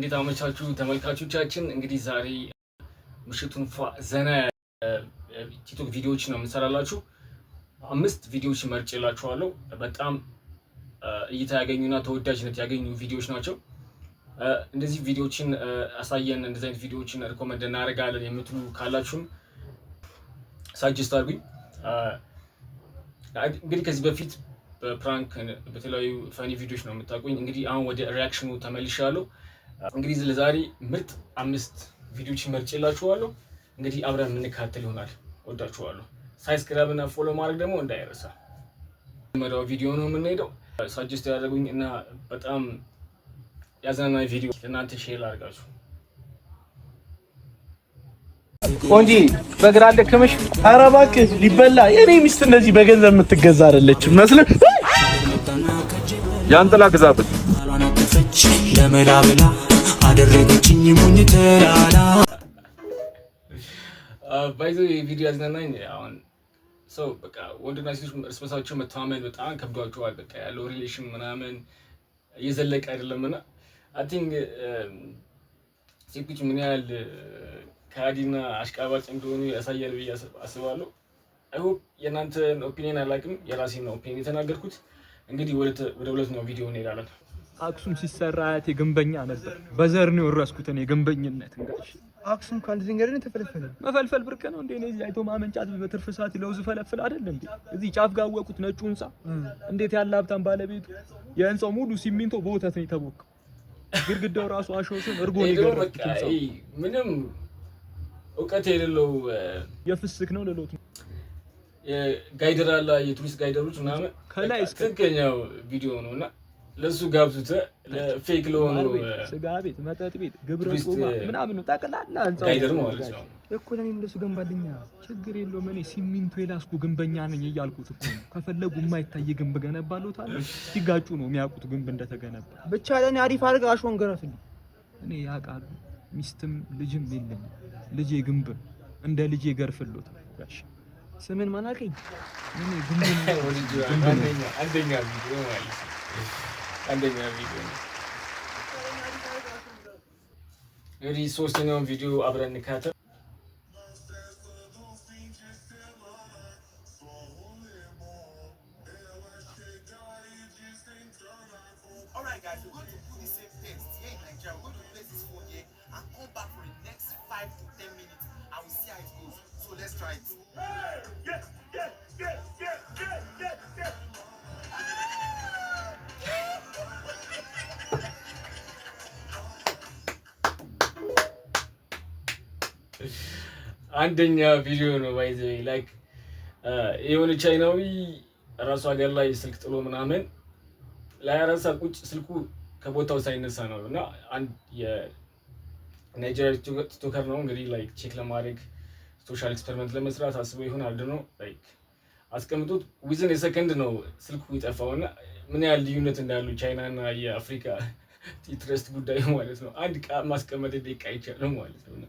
እንዴት አመቻችሁ ተመልካቾቻችን። እንግዲህ ዛሬ ምሽቱን ዘና ቲክቶክ ቪዲዮዎች ነው የምንሰራላችሁ። አምስት ቪዲዮዎች መርጬላችኋለሁ። በጣም እይታ ያገኙና ተወዳጅነት ያገኙ ቪዲዮዎች ናቸው። እንደዚህ ቪዲዮዎችን አሳየን፣ እንደዚህ አይነት ቪዲዮዎችን ሪኮመንድ እናደርጋለን የምትሉ ካላችሁም ሳጀስት አድርጉኝ። እንግዲህ ከዚህ በፊት በፕራንክ በተለያዩ ፈኒ ቪዲዮዎች ነው የምታውቁኝ። እንግዲህ አሁን ወደ ሪያክሽኑ ተመልሻለሁ። እንግዲህ ለዛሬ ምርጥ አምስት ቪዲዮች መርጬላችኋለሁ። እንግዲህ አብረን የምንካተል ይሆናል። ወዳችኋለሁ። ሳብስክራይብ እና ፎሎ ማድረግ ደግሞ እንዳይረሳ። መጀመሪያው ቪዲዮ ነው የምንሄደው። ሳጀስት ያደረጉኝ እና በጣም ያዝናናኝ ቪዲዮ ለእናንተ ሼር አድርጋችሁ ቆንጂ በግራ አልደከመሽ? ኧረ እባክህ ሊበላ። የኔ ሚስት እንደዚህ በገንዘብ የምትገዛ አይደለችም መስለህ ያን ጥላ ለመላብላ አደረገችኝ ሙኝ ተራራ ባይዘ uh, የቪዲዮ ያዝናናኝ አሁን ሰው በቃ ወንድና ሴቶች እርስ በርሳቸው መተማመን በጣም ከብዷቸዋል። በቃ ያለው ሪሌሽን ምናምን እየዘለቀ አይደለም እና አይ ቲንክ um, ሴቶች ምን ያህል uh, ከሃዲና አሽቃባጭ እንደሆኑ ያሳያል ብዬ አስባለሁ። አይሆ የእናንተን ኦፒኒየን አላውቅም፣ የራሴን ኦፒኒየን የተናገርኩት። እንግዲህ ወደ ሁለተኛው ቪዲዮ እንሄዳለን። አክሱም ሲሰራ አያቴ ግንበኛ ነበር። በዘር ነው የወረስኩት እኔ ግንበኝነት። እንግዲህ አክሱም ከአንድ ዝንገር ነው ተፈልፈለ። መፈልፈል ብርቅ ነው እንዴ? እዚህ አይቶ ማመንጫት በትርፍ ሰዓት ለውዝ ፈለፍል አይደል እንዴ? እዚህ ጫፍ ጋር ወቁት ነጩ ህንጻ። እንዴት ያለ ሀብታም ባለቤቱ! የህንጻው ሙሉ ሲሚንቶ በወተት ነው የተቦካ። ግድግዳው ራሱ አሾሽን እርጎ ነው የገረፈት። ምንም እውቀት የሌለው የፍስክ ነው ለሎት ጋይደር አለ የቱሪስት ጋይደሮች ምናምን ከላይ ትክክለኛው ቪዲዮ ነውና ለሱ ጋብዙት ፌክ ለሆኑ ስጋ ቤት፣ መጠጥ ቤት፣ ግብረ ቁማ ምናምን ጠቅላላ ህንጻ እኮ ለኔ እንደሱ ገንባልኛ ችግር የለውም። እኔ ሲሚንቶ የላስኩ ግንበኛ ነኝ እያልኩት እኮ ነው። ከፈለጉ የማይታይ ግንብ ገነባሉታል። ሲጋጩ ነው የሚያውቁት ግንብ እንደተገነባ። ብቻ ለእኔ አሪፍ አድርግ አሾን ገረፍልኝ። እኔ ያውቃሉ ሚስትም ልጅም የለኝ። ልጄ ግንብ እንደ ልጄ ገርፍሎታል። ጋሽ ስምን ማን አልከኝ? ነው ግንብ አንደኛ ነው ማለት አንደኛ ቪዲዮ ነው። እንግዲህ ሶስተኛውን ቪዲዮ አብረን እንካተል አንደኛ ቪዲዮ ነው ባይዘ ላይክ uh, የሆነ ቻይናዊ ራሱ ሀገር ላይ ስልክ ጥሎ ምናምን ላይ ራሳ ቁጭ ስልኩ ከቦታው ሳይነሳ ነው እና አንድ የናይጀሪያ ቲክቶከር ነው እንግዲህ ላይክ ቼክ ለማድረግ ሶሻል ኤክስፐሪመንት ለመስራት አስበው ይሆን አድ ነው ላይክ አስቀምጡት ዊዝን የሰከንድ ነው ስልኩ ይጠፋው እና ምን ያህል ልዩነት እንዳሉ ቻይና እና የአፍሪካ ኢንትረስት ጉዳይ ማለት ነው። አንድ ዕቃ ማስቀመጥ ደቂቃ አይቻልም ማለት ነው።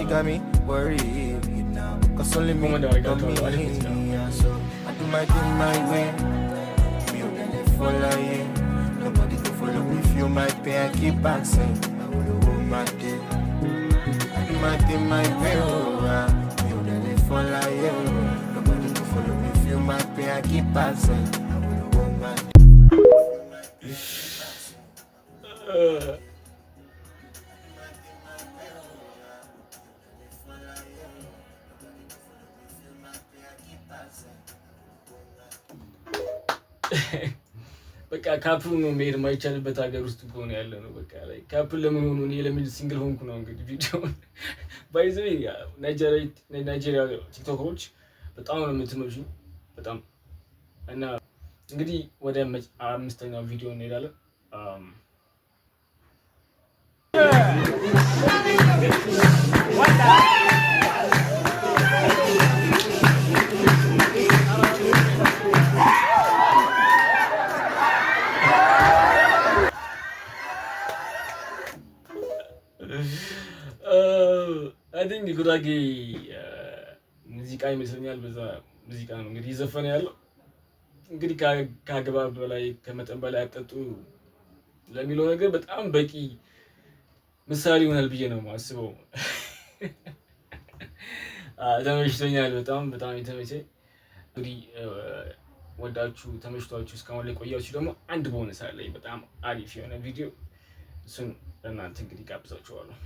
she got me worried you know Cause only me got me yeah, So I do my thing my way Me open the follow you Nobody could follow if you my pain keep asking I will hold my day I do my thing my way oh, uh, Me open the follow you Nobody go follow if you my pain keep asking I will hold my day oh, በቃ ካፕል ነው መሄድ የማይቻልበት ሀገር ውስጥ ከሆነ ያለ ነው። በቃ ላይ ካፕል ለምን ሆኖ እኔ ለምን ሲንግል ሆንኩ ነው እንግዲህ ቪዲዮውን ባይዘ ናይጄሪያ ቲክቶከሮች በጣም ነው የምትኖች በጣም እና እንግዲህ ወደ አምስተኛው ቪዲዮ እንሄዳለን። ወጣ የጉራጌ ሙዚቃ ይመስለኛል። በዛ ሙዚቃ ነው እንግዲህ እየዘፈነ ያለው። እንግዲህ ከአግባብ በላይ ከመጠን በላይ አጠጡ ለሚለው ነገር በጣም በቂ ምሳሌ ይሆናል ብዬ ነው የማስበው። ተመችቶኛል። በጣም በጣም የተመቸኝ እንግዲህ ወዳችሁ ተመችቷችሁ እስካሁን ላይ ቆያችሁ ደግሞ አንድ ቦነስ ላይ በጣም አሪፍ የሆነ ቪዲዮ እሱን ለእናንተ እንግዲህ ጋብዛችኋለሁ።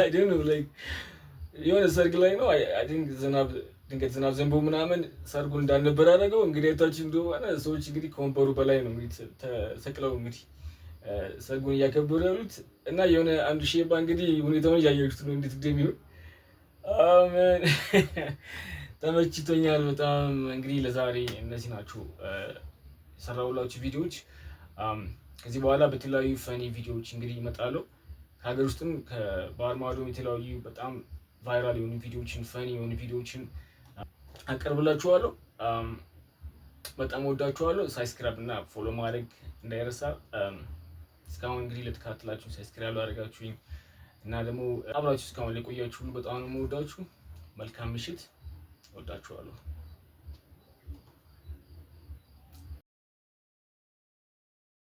አይ ዶንት ኖ ላይክ የሆነ ሰርግ ላይ ነው። አይ ቲንክ ዝናብ ድንገት ዝናብ ዘንቦ ምናምን ሰርጉ እንዳልነበር አደረገው። እንግዲህ አይታችሁ እንደሆነ ሰዎች እንግዲህ ከወንበሩ በላይ ነው እንግዲህ ተሰቅለው እንግዲህ ሰርጉን እያከበሩ ያሉት እና የሆነ አንዱ ሼባ እንግዲህ ሁኔታውን እያያችሁት ነው እንዴት እንደሚሆን። አሜን ተመችቶኛል በጣም እንግዲህ ለዛሬ እነዚህ ናቸው የሰራሁላችሁ ቪዲዮዎች። ከዚህ በኋላ በተለያዩ ፈኒ ቪዲዮዎች እንግዲህ ይመጣሉ። ከሀገር ውስጥም ከባህር ማዶም የተለያዩ በጣም ቫይራል የሆኑ ቪዲዮዎችን ፈኒ የሆኑ ቪዲዮዎችን አቀርብላችኋለሁ። በጣም ወዳችኋለሁ። ሳብስክራይብ እና ፎሎ ማድረግ እንዳይረሳ። እስካሁን እንግዲህ ለተከታተላችሁ ሳብስክራይብ አድርጋችሁኝ እና ደግሞ አብራችሁ እስካሁን ለቆያችሁ ሁሉ በጣም ነው የምወዳችሁ። መልካም ምሽት። ወዳችኋለሁ።